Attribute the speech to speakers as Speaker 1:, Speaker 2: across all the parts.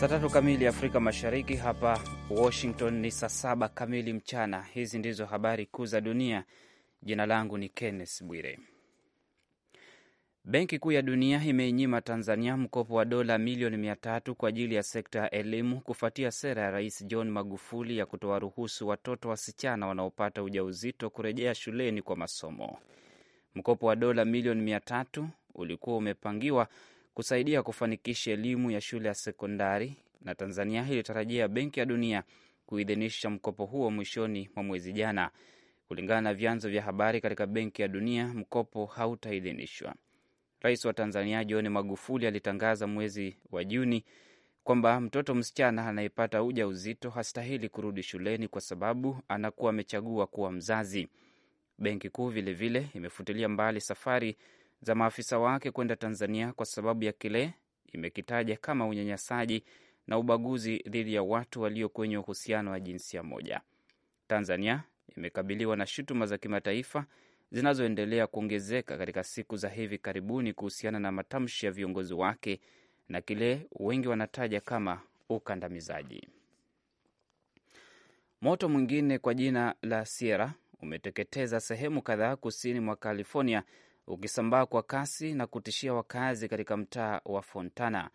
Speaker 1: Saa tatu kamili Afrika Mashariki, hapa Washington ni saa saba kamili mchana. Hizi ndizo habari kuu za dunia. Jina langu ni Kenneth Bwire. Benki Kuu ya Dunia imeinyima Tanzania mkopo wa dola milioni mia tatu kwa ajili ya sekta ya elimu kufuatia sera ya Rais John Magufuli ya kutowaruhusu watoto wasichana wanaopata ujauzito kurejea shuleni kwa masomo. Mkopo wa dola milioni mia tatu ulikuwa umepangiwa kusaidia kufanikisha elimu ya shule ya sekondari, na Tanzania ilitarajia Benki ya Dunia kuidhinisha mkopo huo mwishoni mwa mwezi jana. Kulingana na vyanzo vya habari katika Benki ya Dunia, mkopo hautaidhinishwa. Rais wa Tanzania John Magufuli alitangaza mwezi wa Juni kwamba mtoto msichana anayepata uja uzito hastahili kurudi shuleni kwa sababu anakuwa amechagua kuwa mzazi. Benki Kuu vilevile imefutilia mbali safari za maafisa wake kwenda Tanzania kwa sababu ya kile imekitaja kama unyanyasaji na ubaguzi dhidi ya watu walio kwenye uhusiano wa jinsia moja. Tanzania imekabiliwa na shutuma za kimataifa zinazoendelea kuongezeka katika siku za hivi karibuni kuhusiana na matamshi ya viongozi wake na kile wengi wanataja kama ukandamizaji. Moto mwingine kwa jina la Sierra umeteketeza sehemu kadhaa kusini mwa California ukisambaa kwa kasi na kutishia wakazi katika mtaa wa Fontana.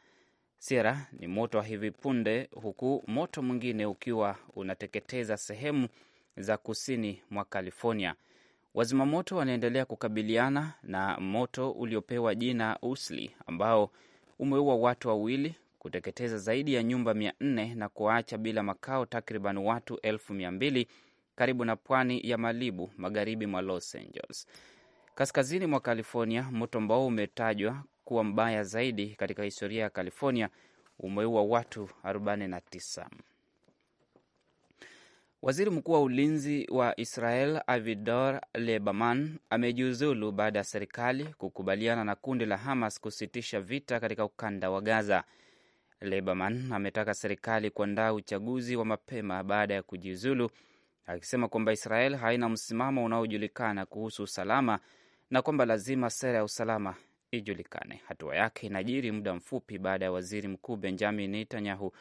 Speaker 1: Sierra ni moto wa hivi punde, huku moto mwingine ukiwa unateketeza sehemu za kusini mwa California. Wazimamoto wanaendelea kukabiliana na moto uliopewa jina Usli ambao umeua watu wawili, kuteketeza zaidi ya nyumba mia nne na kuwaacha bila makao takriban watu elfu mia mbili karibu na pwani ya Malibu, magharibi mwa Los Angeles. Kaskazini mwa California, moto ambao umetajwa kuwa mbaya zaidi katika historia ya California umeua watu 49. Waziri mkuu wa ulinzi wa Israel Avidor leberman amejiuzulu baada ya serikali kukubaliana na kundi la Hamas kusitisha vita katika ukanda wa Gaza. Lieberman ametaka serikali kuandaa uchaguzi wa mapema baada ya kujiuzulu, akisema kwamba Israel haina msimamo unaojulikana kuhusu usalama na kwamba lazima sera ya usalama ijulikane. Hatua yake inajiri muda mfupi baada ya waziri mkuu Benjamin Netanyahu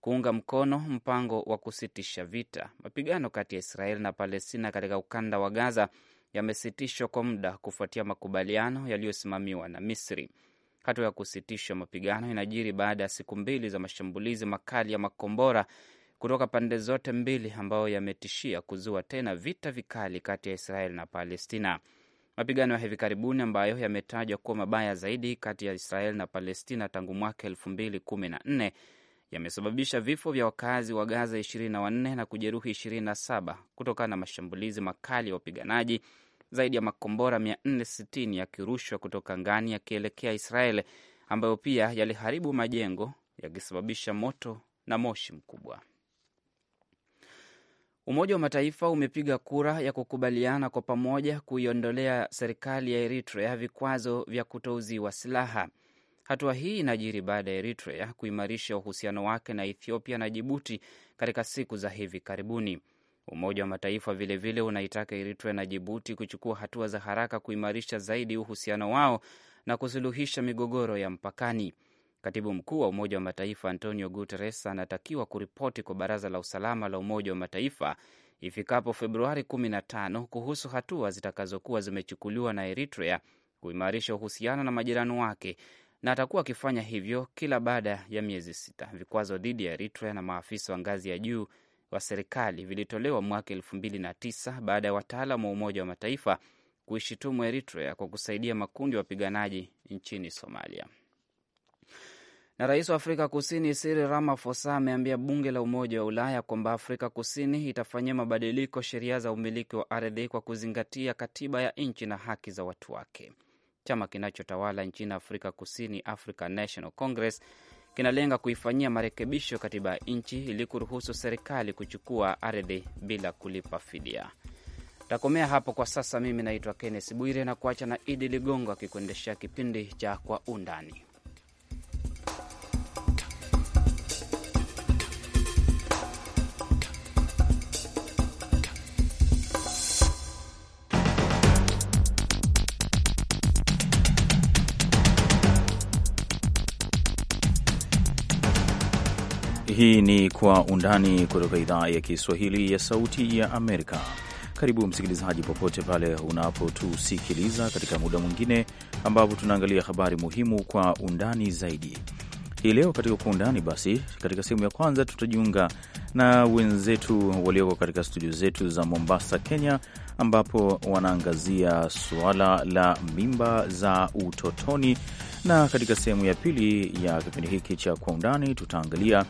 Speaker 1: kuunga mkono mpango wa kusitisha vita. Mapigano kati ya israel na Palestina katika ukanda wa Gaza yamesitishwa kwa muda kufuatia makubaliano yaliyosimamiwa na Misri. Hatua ya kusitisha mapigano inajiri baada ya siku mbili za mashambulizi makali ya makombora kutoka pande zote mbili ambayo yametishia kuzua tena vita vikali kati ya israel na Palestina. Mapigano ya hivi karibuni ambayo yametajwa kuwa mabaya zaidi kati ya Israel na Palestina tangu mwaka elfu mbili kumi na nne yamesababisha vifo vya wakazi wa Gaza ishirini na wanne na kujeruhi ishirini na saba kutokana na mashambulizi makali ya wapiganaji, zaidi ya makombora 460 yakirushwa kutoka ngani yakielekea Israel, ambayo pia yaliharibu majengo yakisababisha moto na moshi mkubwa. Umoja wa Mataifa umepiga kura ya kukubaliana kwa pamoja kuiondolea serikali ya Eritrea vikwazo vya kutouziwa silaha. Hatua hii inajiri baada ya Eritrea kuimarisha uhusiano wake na Ethiopia na Jibuti katika siku za hivi karibuni. Umoja wa Mataifa vilevile unaitaka Eritrea na Jibuti kuchukua hatua za haraka kuimarisha zaidi uhusiano wao na kusuluhisha migogoro ya mpakani. Katibu mkuu wa Umoja wa Mataifa Antonio Guterres anatakiwa kuripoti kwa Baraza la Usalama la Umoja wa Mataifa ifikapo Februari 15 kuhusu hatua zitakazokuwa zimechukuliwa na Eritrea kuimarisha uhusiano na majirani wake, na atakuwa akifanya hivyo kila baada ya miezi sita. Vikwazo dhidi ya Eritrea na maafisa wa ngazi ya juu wa serikali vilitolewa mwaka 2009 baada ya wataalam wa Umoja wa Mataifa kuishutumu Eritrea kwa kusaidia makundi ya wapiganaji nchini Somalia rais wa Afrika Kusini Cyril Ramaphosa ameambia bunge la Umoja wa Ulaya kwamba Afrika Kusini itafanyia mabadiliko sheria za umiliki wa ardhi kwa kuzingatia katiba ya nchi na haki za watu wake. Chama kinachotawala nchini Afrika Kusini, African National Congress, kinalenga kuifanyia marekebisho katiba ya nchi ili kuruhusu serikali kuchukua ardhi bila kulipa fidia. Takomea hapo kwa sasa. Mimi naitwa Kenneth Bwire na kuacha na Idi Ligongo akikuendeshea kipindi cha Kwa Undani.
Speaker 2: Hii ni Kwa Undani kutoka idhaa ya Kiswahili ya Sauti ya Amerika. Karibu msikilizaji, popote pale unapotusikiliza katika muda mwingine ambapo tunaangalia habari muhimu kwa undani zaidi. Hii leo katika Kwa Undani, basi katika sehemu ya kwanza tutajiunga na wenzetu walioko katika studio zetu za Mombasa, Kenya, ambapo wanaangazia suala la mimba za utotoni, na katika sehemu ya pili ya kipindi hiki cha Kwa Undani tutaangalia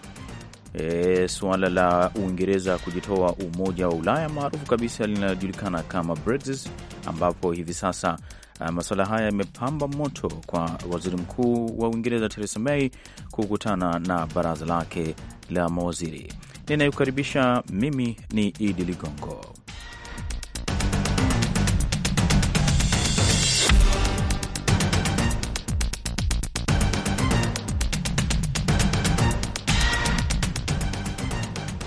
Speaker 2: e, suala la Uingereza kujitoa Umoja wa Ulaya maarufu kabisa linayojulikana kama Brexit, ambapo hivi sasa e, masuala haya yamepamba moto kwa waziri mkuu wa Uingereza Theresa May kukutana na baraza lake la mawaziri. Ninayekukaribisha mimi ni Idi Ligongo.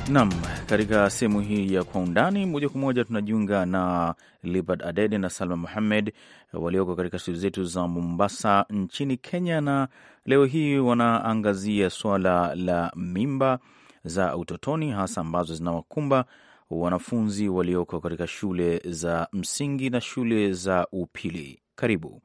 Speaker 2: Nam, katika sehemu hii ya kwa undani, moja kwa moja tunajiunga na Libert Adede na Salma Muhammed walioko katika studio zetu za Mombasa nchini Kenya, na leo hii wanaangazia suala la mimba za utotoni hasa ambazo zinawakumba wanafunzi walioko katika shule za msingi na shule za upili. Karibu.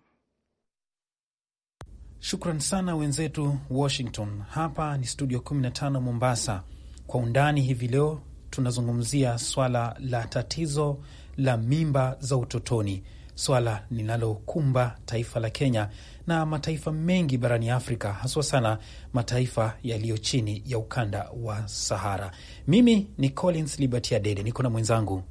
Speaker 3: Shukran sana wenzetu Washington. Hapa ni studio 15 Mombasa. Kwa undani hivi leo tunazungumzia swala la tatizo la mimba za utotoni, swala linalokumba taifa la Kenya na mataifa mengi barani Afrika, haswa sana mataifa yaliyo chini ya ukanda wa Sahara. Mimi ni Collins Liberty Adede, niko na mwenzangu,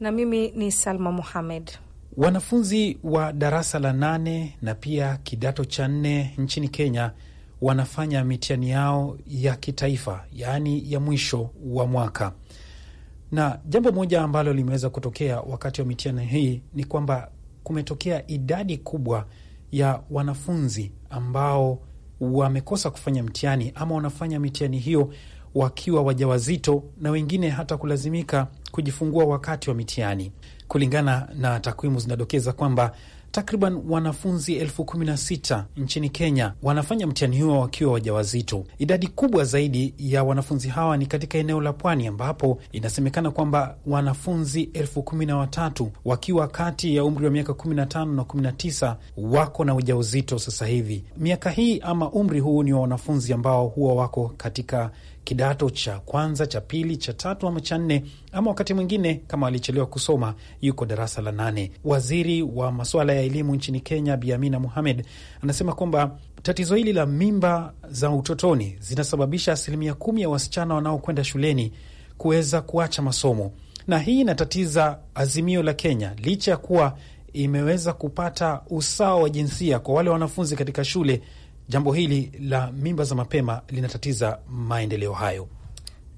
Speaker 4: na mimi ni Salma Muhamed.
Speaker 3: Wanafunzi wa darasa la nane na pia kidato cha nne nchini Kenya wanafanya mitihani yao ya kitaifa, yaani ya mwisho wa mwaka. Na jambo moja ambalo limeweza kutokea wakati wa mitihani hii ni kwamba kumetokea idadi kubwa ya wanafunzi ambao wamekosa kufanya mtihani ama wanafanya mitihani hiyo wakiwa wajawazito na wengine hata kulazimika kujifungua wakati wa mitihani kulingana na takwimu zinadokeza kwamba takriban wanafunzi elfu kumi na sita nchini Kenya wanafanya mtihani huo wakiwa wajawazito. Idadi kubwa zaidi ya wanafunzi hawa ni katika eneo la pwani ambapo inasemekana kwamba wanafunzi elfu kumi na watatu wakiwa kati ya umri wa miaka kumi na tano na kumi na tisa wako na ujauzito sasa hivi. Miaka hii ama umri huu ni wa wanafunzi ambao huwa wako katika kidato cha kwanza, cha pili, cha tatu ama cha nne, ama wakati mwingine kama alichelewa kusoma yuko darasa la nane. Waziri wa masuala ya elimu nchini Kenya Bi Amina Mohamed anasema kwamba tatizo hili la mimba za utotoni zinasababisha asilimia kumi ya wasichana wanaokwenda shuleni kuweza kuacha masomo, na hii inatatiza azimio la Kenya licha ya kuwa imeweza kupata usawa wa jinsia kwa wale wanafunzi katika shule jambo hili la mimba za mapema linatatiza maendeleo hayo.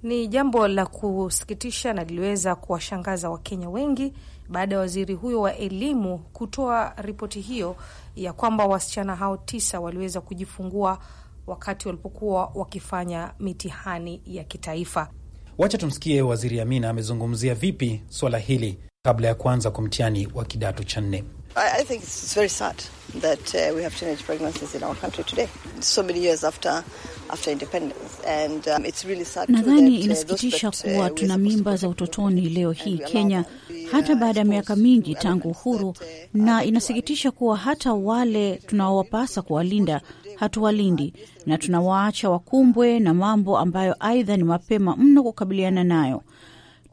Speaker 4: Ni jambo la kusikitisha na liliweza kuwashangaza Wakenya wengi baada ya waziri huyo wa elimu kutoa ripoti hiyo ya kwamba wasichana hao tisa waliweza kujifungua wakati walipokuwa wakifanya mitihani ya kitaifa.
Speaker 3: Wacha tumsikie Waziri Amina amezungumzia vipi swala hili kabla ya kuanza kwa mtihani wa kidato cha nne. I, I think it's very sad that uh, we have teenage pregnancies in our country today, so many years after after independence and um, it's really sad. Nadhani uh, inasikitisha
Speaker 2: uh, kuwa
Speaker 4: uh, tuna mimba za utotoni leo hii Kenya uh, hata baada ya miaka mingi tangu uhuru na inasikitisha kuwa hata wale tunaowapasa kuwalinda hatuwalindi na tunawaacha wakumbwe na mambo ambayo aidha ni mapema mno kukabiliana nayo.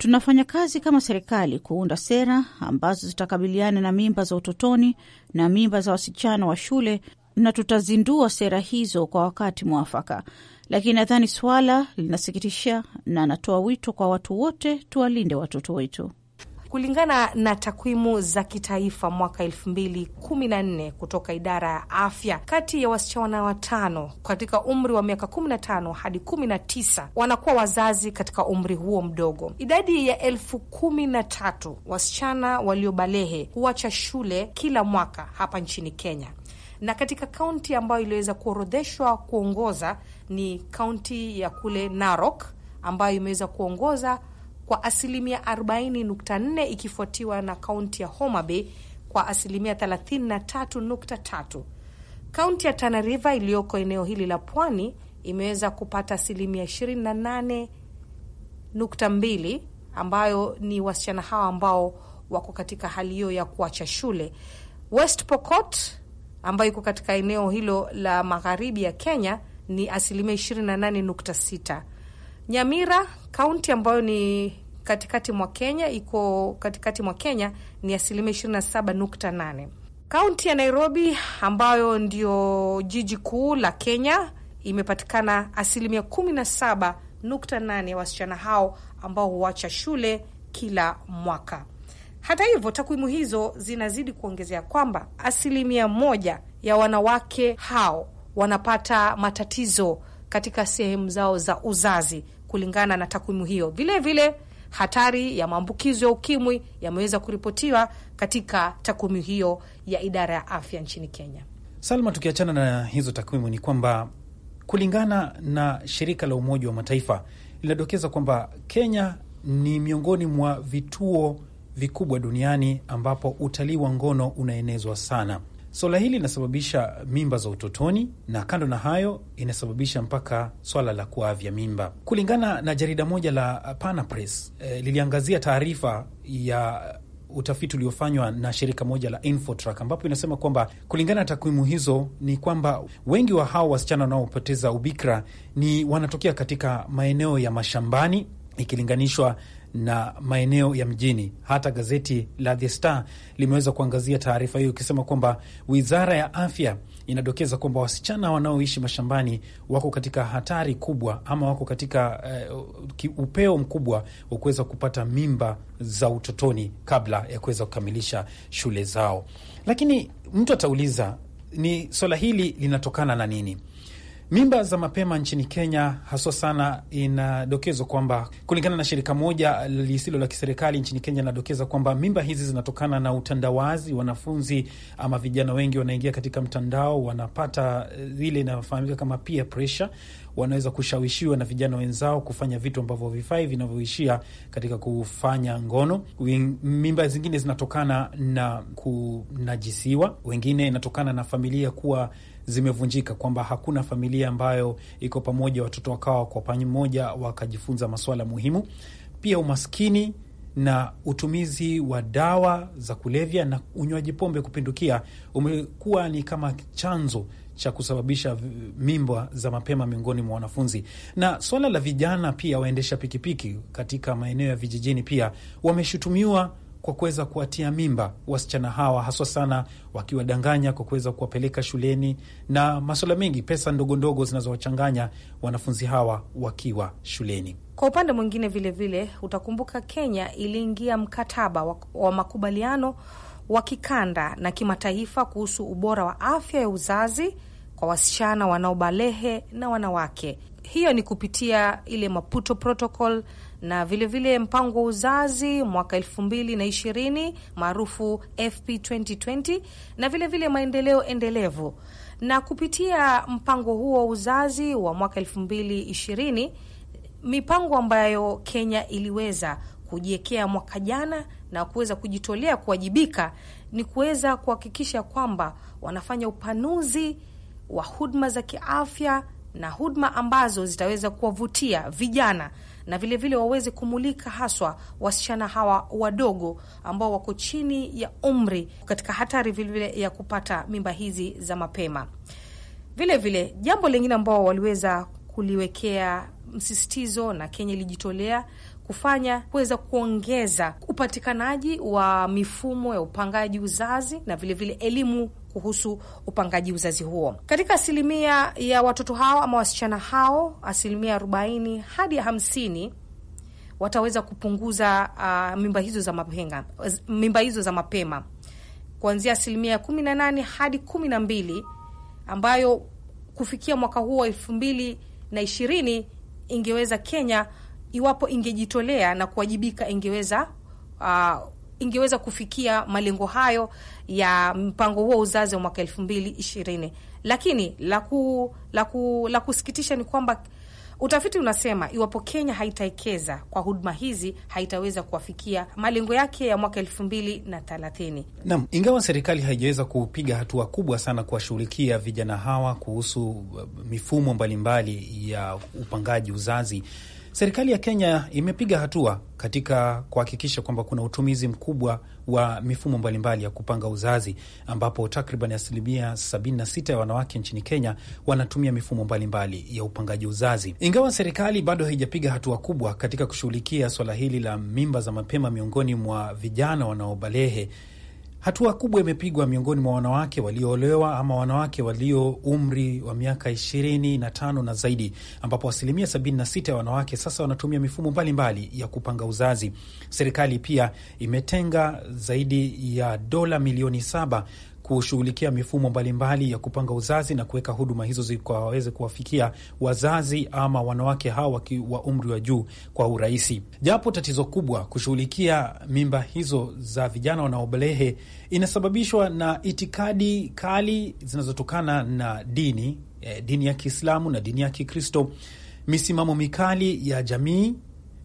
Speaker 4: Tunafanya kazi kama serikali kuunda sera ambazo zitakabiliana na mimba za utotoni na mimba za wasichana wa shule, na tutazindua sera hizo kwa wakati mwafaka. Lakini nadhani swala linasikitisha, na natoa wito kwa watu wote tuwalinde watoto wetu. Kulingana na takwimu za kitaifa mwaka elfu mbili kumi na nne kutoka idara ya afya, kati ya wasichana watano katika umri wa miaka kumi na tano hadi kumi na tisa wanakuwa wazazi katika umri huo mdogo. Idadi ya elfu kumi na tatu wasichana waliobalehe huacha shule kila mwaka hapa nchini Kenya na katika kaunti ambayo iliweza kuorodheshwa kuongoza ni kaunti ya kule Narok ambayo imeweza kuongoza kwa asilimia 40.4 ikifuatiwa na kaunti ya Homa Bay kwa asilimia 33.3. Kaunti ya Tana River iliyoko eneo hili la pwani imeweza kupata asilimia 28.2, ambayo ni wasichana hawa ambao wako katika hali hiyo ya kuacha shule. West Pokot ambayo iko katika eneo hilo la magharibi ya Kenya ni asilimia 28.6. Nyamira kaunti ambayo ni katikati mwa Kenya, iko katikati mwa Kenya ni asilimia 27.8. Kaunti ya Nairobi ambayo ndio jiji kuu la Kenya imepatikana asilimia 17.8 ya wasichana hao ambao huacha shule kila mwaka. Hata hivyo, takwimu hizo zinazidi kuongezea kwamba asilimia moja ya wanawake hao wanapata matatizo katika sehemu zao za uzazi kulingana na takwimu hiyo. Vilevile vile, hatari ya maambukizo ya ukimwi yameweza kuripotiwa katika takwimu hiyo ya idara ya afya nchini Kenya.
Speaker 3: Salma, tukiachana na hizo takwimu, ni kwamba kulingana na shirika la Umoja wa Mataifa linadokeza kwamba Kenya ni miongoni mwa vituo vikubwa duniani ambapo utalii wa ngono unaenezwa sana. Swala hili linasababisha mimba za utotoni, na kando na hayo inasababisha mpaka swala la kuavya mimba. Kulingana na jarida moja la Pana eh, liliangazia taarifa ya utafiti uliofanywa na shirika moja la Infotrack ambapo inasema kwamba kulingana na takwimu hizo ni kwamba wengi wa hao wasichana wanaopoteza ubikra ni wanatokea katika maeneo ya mashambani ikilinganishwa na maeneo ya mjini. Hata gazeti la The Star limeweza kuangazia taarifa hiyo ikisema kwamba wizara ya afya inadokeza kwamba wasichana wanaoishi mashambani wako katika hatari kubwa ama wako katika uh, upeo mkubwa wa kuweza kupata mimba za utotoni kabla ya kuweza kukamilisha shule zao. Lakini mtu atauliza, ni swala hili linatokana na nini? Mimba za mapema nchini Kenya haswa sana, inadokezwa kwamba kulingana na shirika moja lisilo la kiserikali nchini Kenya inadokeza kwamba mimba hizi zinatokana na utandawazi. Wanafunzi ama vijana wengi wanaingia katika mtandao, wanapata eh, ile inayofahamika kama peer pressure wanaweza kushawishiwa na vijana wenzao kufanya vitu ambavyo vifai vinavyoishia katika kufanya ngono. Mimba zingine zinatokana na kunajisiwa, wengine inatokana na familia kuwa zimevunjika, kwamba hakuna familia ambayo iko pamoja, watoto wakawa kwa pamoja wakajifunza masuala muhimu. Pia umaskini na utumizi wa dawa za kulevya na unywaji pombe kupindukia umekuwa ni kama chanzo cha kusababisha mimba za mapema miongoni mwa wanafunzi. Na swala la vijana pia, waendesha pikipiki katika maeneo ya vijijini pia wameshutumiwa kwa kuweza kuwatia mimba wasichana hawa, haswa sana wakiwadanganya kwa kuweza kuwapeleka shuleni na masuala mengi, pesa ndogo ndogo zinazowachanganya wanafunzi hawa wakiwa shuleni.
Speaker 4: Kwa upande mwingine vilevile vile, utakumbuka Kenya iliingia mkataba wa, wa makubaliano wa kikanda na kimataifa kuhusu ubora wa afya ya uzazi kwa wasichana wanaobalehe na wanawake. Hiyo ni kupitia ile Maputo Protocol na vilevile vile mpango wa uzazi mwaka elfu mbili na ishirini maarufu FP 2020 na vilevile vile maendeleo endelevu. Na kupitia mpango huo wa uzazi wa mwaka elfu mbili ishirini mipango ambayo Kenya iliweza kujiwekea mwaka jana na kuweza kujitolea kuwajibika ni kuweza kuhakikisha kwamba wanafanya upanuzi wa huduma za kiafya na huduma ambazo zitaweza kuwavutia vijana na vilevile waweze kumulika haswa wasichana hawa wadogo ambao wako chini ya umri, katika hatari vilevile ya kupata mimba hizi za mapema. Vilevile vile, jambo lingine ambao waliweza kuliwekea msisitizo na Kenya ilijitolea kufanya kuweza kuongeza upatikanaji wa mifumo ya upangaji uzazi na vilevile vile elimu kuhusu upangaji uzazi huo. Katika asilimia ya watoto hao ama wasichana hao, asilimia arobaini hadi hamsini wataweza kupunguza uh, mimba hizo za mapenga, mimba hizo za mapema kuanzia asilimia kumi na nane hadi kumi na mbili ambayo kufikia mwaka huo elfu mbili na ishirini ingeweza Kenya iwapo ingejitolea na kuwajibika ingeweza uh, ingeweza kufikia malengo hayo ya mpango huo uzazi wa mwaka elfu mbili ishirini. Lakini la kusikitisha ni kwamba utafiti unasema iwapo Kenya haitaekeza kwa huduma hizi haitaweza kuwafikia malengo yake ya mwaka elfu mbili na thelathini.
Speaker 3: Naam, ingawa serikali haijaweza kupiga hatua kubwa sana kuwashughulikia vijana hawa kuhusu uh, mifumo mbalimbali mbali ya upangaji uzazi Serikali ya Kenya imepiga hatua katika kuhakikisha kwamba kuna utumizi mkubwa wa mifumo mbalimbali ya kupanga uzazi ambapo takriban asilimia 76 ya wanawake nchini Kenya wanatumia mifumo mbalimbali mbali ya upangaji uzazi. Ingawa serikali bado haijapiga hatua kubwa katika kushughulikia swala hili la mimba za mapema miongoni mwa vijana wanaobalehe, Hatua kubwa imepigwa miongoni mwa wanawake walioolewa ama wanawake walio umri wa miaka ishirini na tano na zaidi, ambapo asilimia sita ya wanawake sasa wanatumia mifumo mbalimbali mbali ya kupanga uzazi. Serikali pia imetenga zaidi ya dola milioni saba kushughulikia mifumo mbalimbali ya kupanga uzazi na kuweka huduma hizo waweze kuwafikia wazazi ama wanawake hawa wa umri wa juu kwa urahisi, japo tatizo kubwa kushughulikia mimba hizo za vijana wanaobelehe inasababishwa na itikadi kali zinazotokana na dini, eh, dini ya Kiislamu na dini ya Kikristo, misimamo mikali ya jamii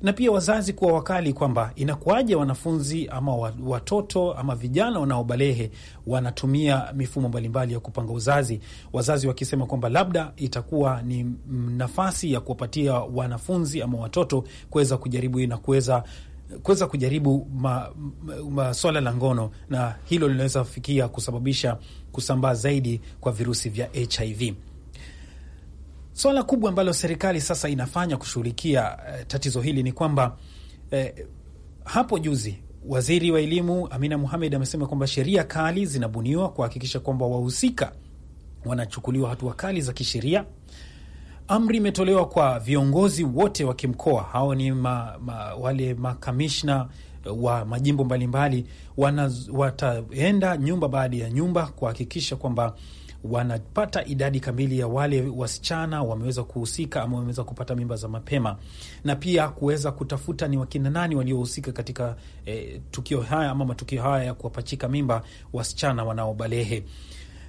Speaker 3: na pia wazazi kuwa wakali kwamba inakuwaje wanafunzi ama watoto ama vijana wanaobalehe wanatumia mifumo mbalimbali ya kupanga uzazi, wazazi wakisema kwamba labda itakuwa ni nafasi ya kuwapatia wanafunzi ama watoto kuweza kujaribu na kuweza kuweza kujaribu swala la ngono, na hilo linaweza fikia kusababisha kusambaa zaidi kwa virusi vya HIV. Swala kubwa ambalo serikali sasa inafanya kushughulikia eh, tatizo hili ni kwamba eh, hapo juzi waziri wa elimu Amina Mohamed amesema kwamba sheria kali zinabuniwa kuhakikisha kwamba wahusika wanachukuliwa hatua kali za kisheria. Amri imetolewa kwa viongozi wote wa kimkoa, hao ni ma, ma, wale makamishna wa majimbo mbalimbali, wataenda nyumba baada ya nyumba kuhakikisha kwamba wanapata idadi kamili ya wale wasichana wameweza kuhusika ama wameweza kupata mimba za mapema, na pia kuweza kutafuta ni wakina nani waliohusika katika eh, tukio haya ama matukio haya ya kuwapachika mimba wasichana wanaobalehe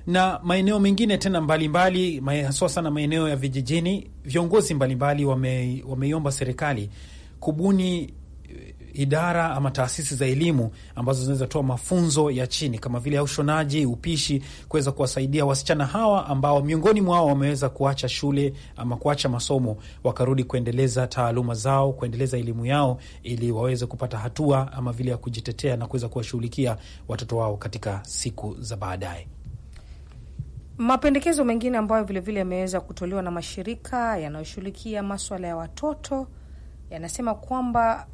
Speaker 3: na maeneo mengine tena mbalimbali haswa sana maeneo ya vijijini. Viongozi mbalimbali wameiomba wame serikali kubuni idara ama taasisi za elimu ambazo zinaweza toa mafunzo ya chini kama vile ushonaji, upishi, kuweza kuwasaidia wasichana hawa ambao miongoni mwao wameweza kuacha shule ama kuacha masomo wakarudi kuendeleza taaluma zao, kuendeleza elimu yao ili waweze kupata hatua ama vile ya kujitetea na kuweza kuwashughulikia watoto wao katika siku za baadaye.
Speaker 4: Mapendekezo mengine ambayo vilevile yameweza kutolewa na mashirika yanayoshughulikia maswala ya watoto yanasema kwamba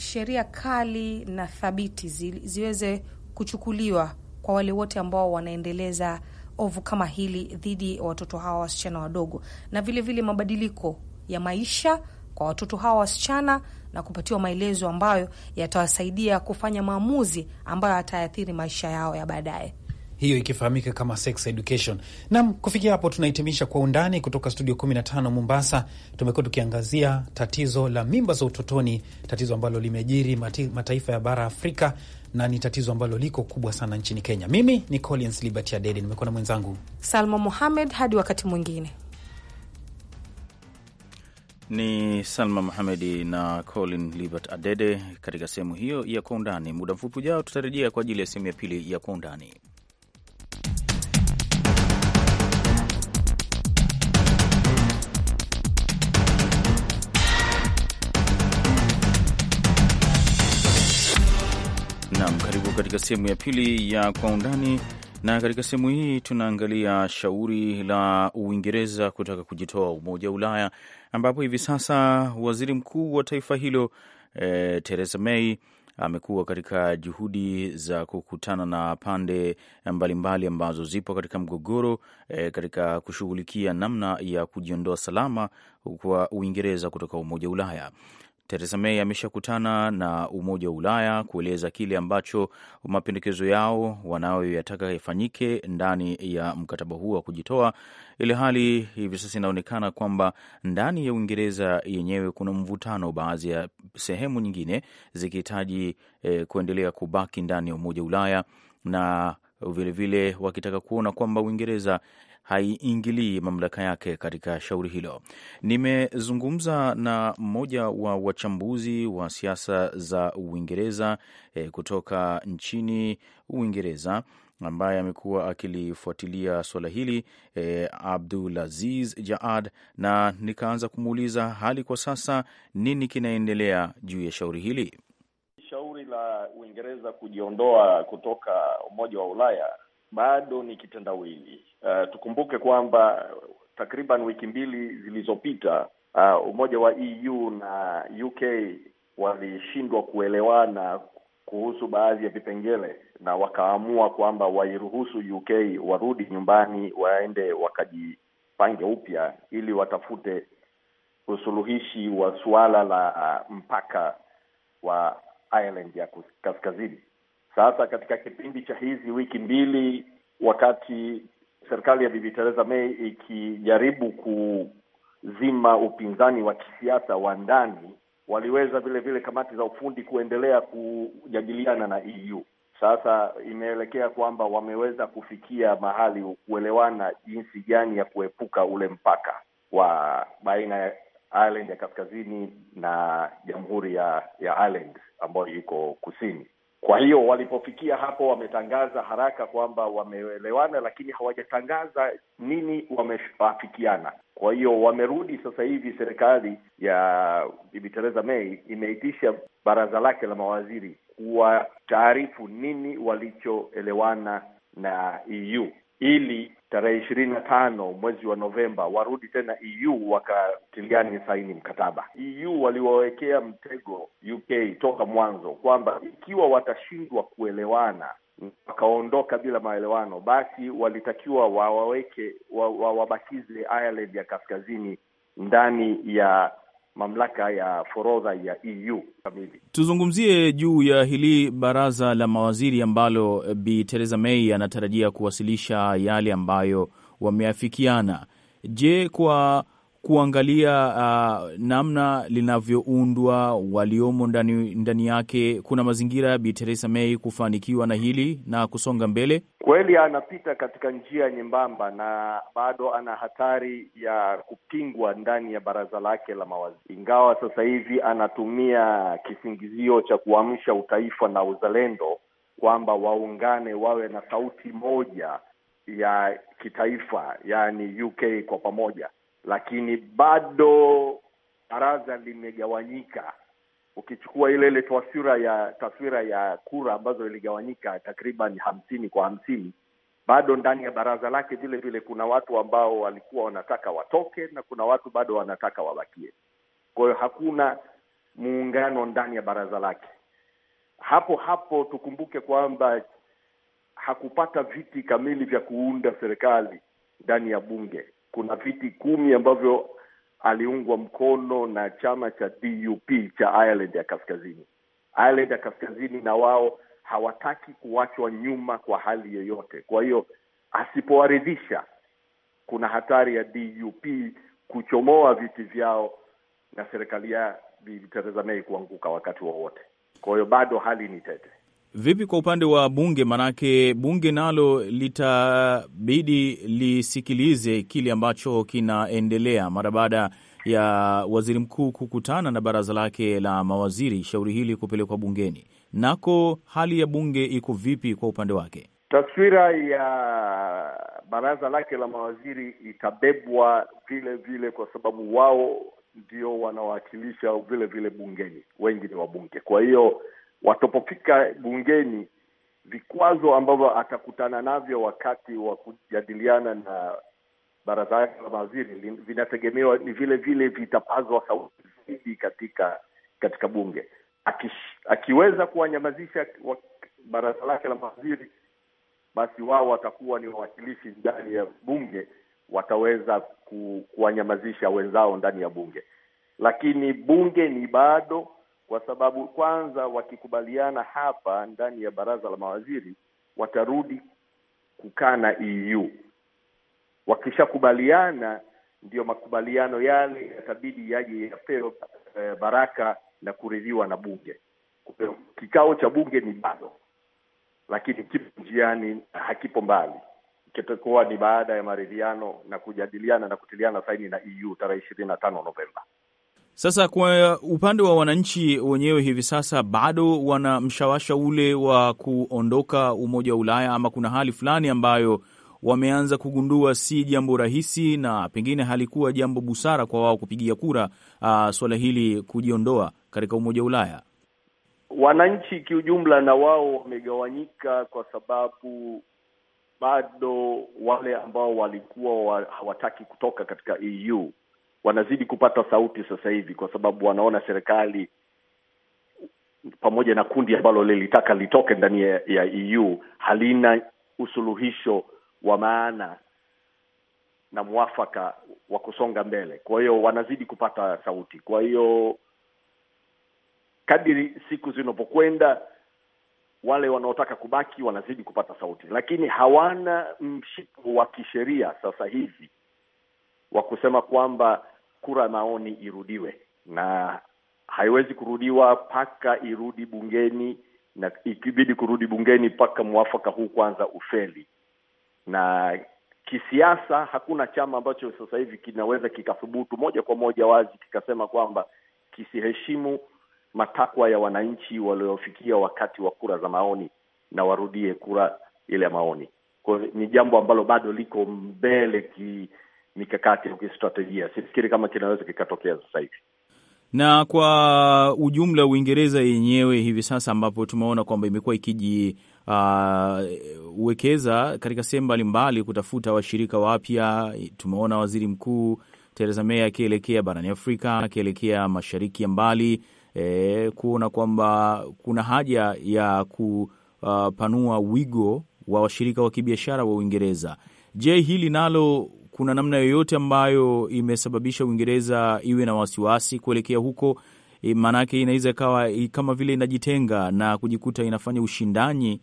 Speaker 4: sheria kali na thabiti zi, ziweze kuchukuliwa kwa wale wote ambao wanaendeleza ovu kama hili dhidi ya watoto hawa wasichana wadogo, na vilevile vile mabadiliko ya maisha kwa watoto hawa wasichana na kupatiwa maelezo ambayo yatawasaidia kufanya maamuzi ambayo yataathiri maisha yao ya baadaye
Speaker 3: hiyo ikifahamika kama sex education. Nam, kufikia hapo tunahitimisha kwa undani kutoka studio 15 Mombasa. Tumekuwa tukiangazia tatizo la mimba za utotoni, tatizo ambalo limejiri mataifa ya bara Afrika na ni tatizo ambalo liko kubwa sana nchini Kenya. Mimi ni Collins Liberty Adede, nimekuwa na mwenzangu
Speaker 4: Salma Mohamed. Hadi wakati mwingine.
Speaker 2: Ni Salma Muhamedi na Colin Libert Adede katika sehemu hiyo ya Kwa Undani. Muda mfupi ujao tutarejea kwa ajili ya sehemu ya pili ya Kwa Undani. Naam, karibu katika sehemu ya pili ya Kwa Undani, na katika sehemu hii tunaangalia shauri la Uingereza kutaka kujitoa Umoja wa Ulaya, ambapo hivi sasa waziri mkuu wa taifa hilo e, Theresa May amekuwa katika juhudi za kukutana na pande mbalimbali mbali ambazo zipo katika mgogoro e, katika kushughulikia namna ya kujiondoa salama kwa Uingereza kutoka Umoja wa Ulaya. Theresa May ameshakutana na Umoja wa Ulaya kueleza kile ambacho mapendekezo yao wanayoyataka yafanyike ndani ya mkataba huo wa kujitoa, ili hali hivi sasa inaonekana kwamba ndani ya Uingereza yenyewe kuna mvutano, baadhi ya sehemu nyingine zikihitaji eh, kuendelea kubaki ndani ya Umoja wa Ulaya na vilevile wakitaka kuona kwamba Uingereza haiingilii mamlaka yake katika shauri hilo. Nimezungumza na mmoja wa wachambuzi wa siasa za Uingereza e, kutoka nchini Uingereza ambaye amekuwa akilifuatilia suala hili e, eh, aziz Jaad, na nikaanza kumuuliza hali kwa sasa, nini kinaendelea juu ya shauri hili
Speaker 5: shauri la Uingereza kujiondoa kutoka Umoja wa Ulaya bado ni kitendawili. Uh, tukumbuke kwamba takriban wiki mbili zilizopita uh, umoja wa EU na UK walishindwa kuelewana kuhusu baadhi ya vipengele na wakaamua kwamba wairuhusu UK warudi nyumbani, waende wakajipange upya ili watafute usuluhishi wa suala la uh, mpaka wa Ireland ya kaskazini. Sasa katika kipindi cha hizi wiki mbili, wakati serikali ya Bibi Theresa May ikijaribu kuzima upinzani wa kisiasa wa ndani, waliweza vile vile kamati za ufundi kuendelea kujadiliana na EU. Sasa imeelekea kwamba wameweza kufikia mahali kuelewana jinsi gani ya kuepuka ule mpaka wa baina ya Ireland ya kaskazini na jamhuri ya, ya Ireland ambayo iko kusini. Kwa hiyo walipofikia hapo, wametangaza haraka kwamba wameelewana, lakini hawajatangaza nini wameafikiana. Kwa hiyo wamerudi sasa hivi, serikali ya Bibi Theresa May imeitisha baraza lake la mawaziri kuwa taarifu nini walichoelewana na EU ili tarehe ishirini na tano mwezi wa Novemba warudi tena EU wakatiliani saini mkataba. EU waliwawekea mtego UK toka mwanzo kwamba ikiwa watashindwa kuelewana wakaondoka bila maelewano, basi walitakiwa wawaweke wawabakize Ireland ya kaskazini ndani ya mamlaka ya forodha ya EU kamili.
Speaker 2: Tuzungumzie juu ya hili baraza la mawaziri ambalo eh, Bi Theresa May anatarajia kuwasilisha yale ambayo wameafikiana. Je, kwa kuangalia uh, namna linavyoundwa, waliomo ndani ndani yake, kuna mazingira Bi Theresa May kufanikiwa na hili na kusonga mbele?
Speaker 5: Kweli anapita katika njia nyembamba na bado ana hatari ya kupingwa ndani ya baraza lake la mawaziri, ingawa sasa hivi anatumia kisingizio cha kuamsha utaifa na uzalendo kwamba waungane wawe na sauti moja ya kitaifa, yaani UK kwa pamoja lakini bado baraza limegawanyika. Ukichukua ile ile taswira ya taswira ya kura ambazo iligawanyika takriban hamsini kwa hamsini, bado ndani ya baraza lake vile vile kuna watu ambao walikuwa wanataka watoke na kuna watu bado wanataka wabakie. Kwa hiyo hakuna muungano ndani ya baraza lake. Hapo hapo tukumbuke kwamba hakupata viti kamili vya kuunda serikali ndani ya bunge kuna viti kumi ambavyo aliungwa mkono na chama cha DUP cha Ireland ya Kaskazini. Ireland ya Kaskazini na wao hawataki kuachwa nyuma kwa hali yoyote. Kwa hiyo asipowaridhisha, kuna hatari ya DUP kuchomoa viti vyao na serikali ya Theresa May kuanguka wakati wowote Kwa hiyo bado hali ni tete.
Speaker 2: Vipi kwa upande wa bunge? Maanake bunge nalo litabidi lisikilize kile ambacho kinaendelea mara baada ya waziri mkuu kukutana na baraza lake la mawaziri, shauri hili kupelekwa bungeni. Nako hali ya bunge iko vipi kwa upande wake?
Speaker 5: Taswira ya baraza lake la mawaziri itabebwa vile vile, kwa sababu wao ndio wanawakilisha vile vile bungeni, wengi ni wabunge. Kwa hiyo watopofika bungeni, vikwazo ambavyo atakutana navyo wakati wa kujadiliana na baraza lake la mawaziri vinategemewa ni vile vile vitapazwa sauti zaidi katika katika bunge. Aki, akiweza kuwanyamazisha baraza lake la mawaziri, basi wao watakuwa ni wawakilishi ndani ya bunge, wataweza ku, kuwanyamazisha wenzao ndani ya bunge, lakini bunge ni bado kwa sababu kwanza, wakikubaliana hapa ndani ya baraza la mawaziri watarudi kukaa na EU. Wakishakubaliana, ndiyo makubaliano yale yatabidi yaje yapewe eh, baraka na kuridhiwa na bunge. Kikao cha bunge ni bado, lakini kipo njiani, hakipo mbali. Kitakuwa ni baada ya maridhiano na kujadiliana na kutiliana saini na EU tarehe ishirini na tano Novemba.
Speaker 2: Sasa kwa upande wa wananchi wenyewe hivi sasa bado wana mshawasha ule wa kuondoka Umoja wa Ulaya, ama kuna hali fulani ambayo wameanza kugundua si jambo rahisi na pengine halikuwa jambo busara kwa wao kupigia kura uh, swala hili kujiondoa katika Umoja wa Ulaya.
Speaker 5: Wananchi kiujumla na wao wamegawanyika, kwa sababu bado wale ambao walikuwa hawataki kutoka katika EU wanazidi kupata sauti sasa hivi, kwa sababu wanaona serikali pamoja na kundi ambalo lilitaka litoke ndani ya, ya EU halina usuluhisho wa maana na mwafaka wa kusonga mbele. Kwa hiyo wanazidi kupata sauti. Kwa hiyo kadiri siku zinapokwenda, wale wanaotaka kubaki wanazidi kupata sauti, lakini hawana mshipo wa kisheria sasa hivi wa kusema kwamba kura maoni irudiwe, na haiwezi kurudiwa mpaka irudi bungeni, na ikibidi kurudi bungeni mpaka mwafaka huu kwanza ufeli. Na kisiasa, hakuna chama ambacho sasa hivi kinaweza kikathubutu moja kwa moja wazi kikasema kwamba kisiheshimu matakwa ya wananchi waliofikia wakati wa kura za maoni na warudie kura ile ya maoni. Kwa ni jambo ambalo bado liko mbele ki mikakati au kistratejia, sifikiri kama kinaweza kikatokea sasa hivi.
Speaker 2: Na kwa ujumla Uingereza yenyewe hivi sasa, ambapo tumeona kwamba imekuwa ikijiwekeza ah, uh, katika sehemu mbalimbali kutafuta washirika wapya. Tumeona waziri mkuu Theresa May akielekea barani Afrika, akielekea mashariki ya mbali e, kuona kwamba kuna haja ya kupanua ah, wigo wa washirika wa kibiashara wa Uingereza. Je, hili nalo kuna namna yoyote ambayo imesababisha Uingereza iwe na wasiwasi kuelekea huko? E, maanake inaweza ikawa kama vile inajitenga na kujikuta inafanya ushindani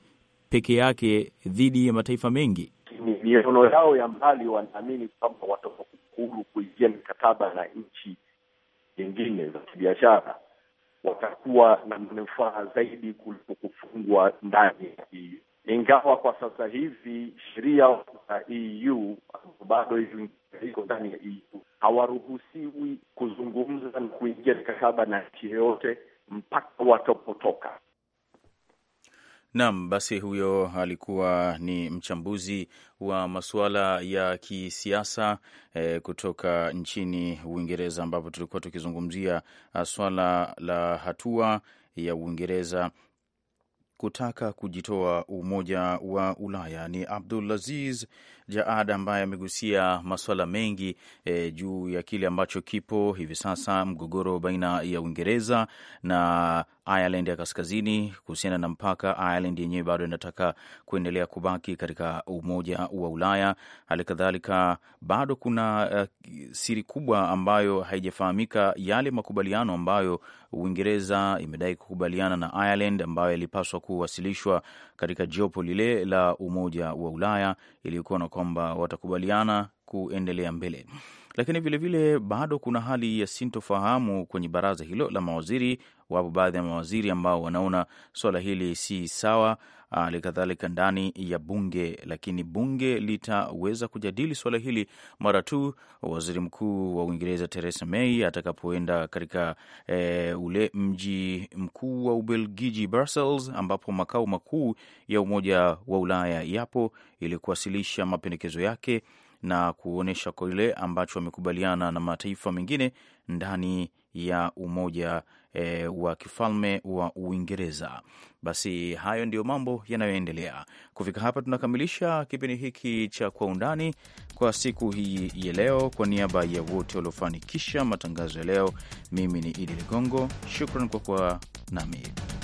Speaker 2: peke yake dhidi ya mataifa mengi.
Speaker 5: Miono yao ya mbali, wanaamini kwamba watakapohuru kuingia mikataba na nchi nyingine za kibiashara watakuwa na manufaa zaidi kuliko kufungwa ndani ya EU. Ingawa kwa sasa hivi sheria za EU bado iko ndani ya EU, hawaruhusiwi kuzungumza na kuingia mikataba na nchi yoyote mpaka watapotoka.
Speaker 2: Naam, basi huyo alikuwa ni mchambuzi wa masuala ya kisiasa e, kutoka nchini Uingereza, ambapo tulikuwa tukizungumzia ah, swala la hatua ya Uingereza kutaka kujitoa Umoja wa Ulaya. Ni Abdulaziz Jaad ambaye amegusia masuala mengi e, juu ya kile ambacho kipo hivi sasa, mgogoro baina ya Uingereza na Ireland ya kaskazini kuhusiana na mpaka. Ireland yenyewe bado inataka kuendelea kubaki katika Umoja wa Ulaya. Hali kadhalika bado kuna uh, siri kubwa ambayo haijafahamika, yale makubaliano ambayo Uingereza imedai kukubaliana na Ireland ambayo yalipaswa kuwasilishwa katika jopo lile la Umoja wa Ulaya iliyokuwa na kwamba watakubaliana kuendelea mbele. Lakini vilevile vile bado kuna hali ya sintofahamu kwenye baraza hilo la mawaziri. Wapo baadhi ya mawaziri ambao wanaona swala hili si sawa, ah, hali kadhalika ndani ya bunge, lakini bunge litaweza kujadili swala hili mara tu waziri mkuu wa Uingereza Theresa May atakapoenda katika e, ule mji mkuu wa Ubelgiji Brussels, ambapo makao makuu ya Umoja wa Ulaya yapo ili kuwasilisha mapendekezo yake na kuonyesha kile ambacho wamekubaliana na mataifa mengine ndani ya umoja e, wa kifalme wa Uingereza. Basi hayo ndiyo mambo yanayoendelea. Kufika hapa, tunakamilisha kipindi hiki cha Kwa Undani kwa siku hii ya leo. Kwa niaba ya wote waliofanikisha matangazo ya leo, mimi ni Idi Ligongo, shukran kwa kuwa nami.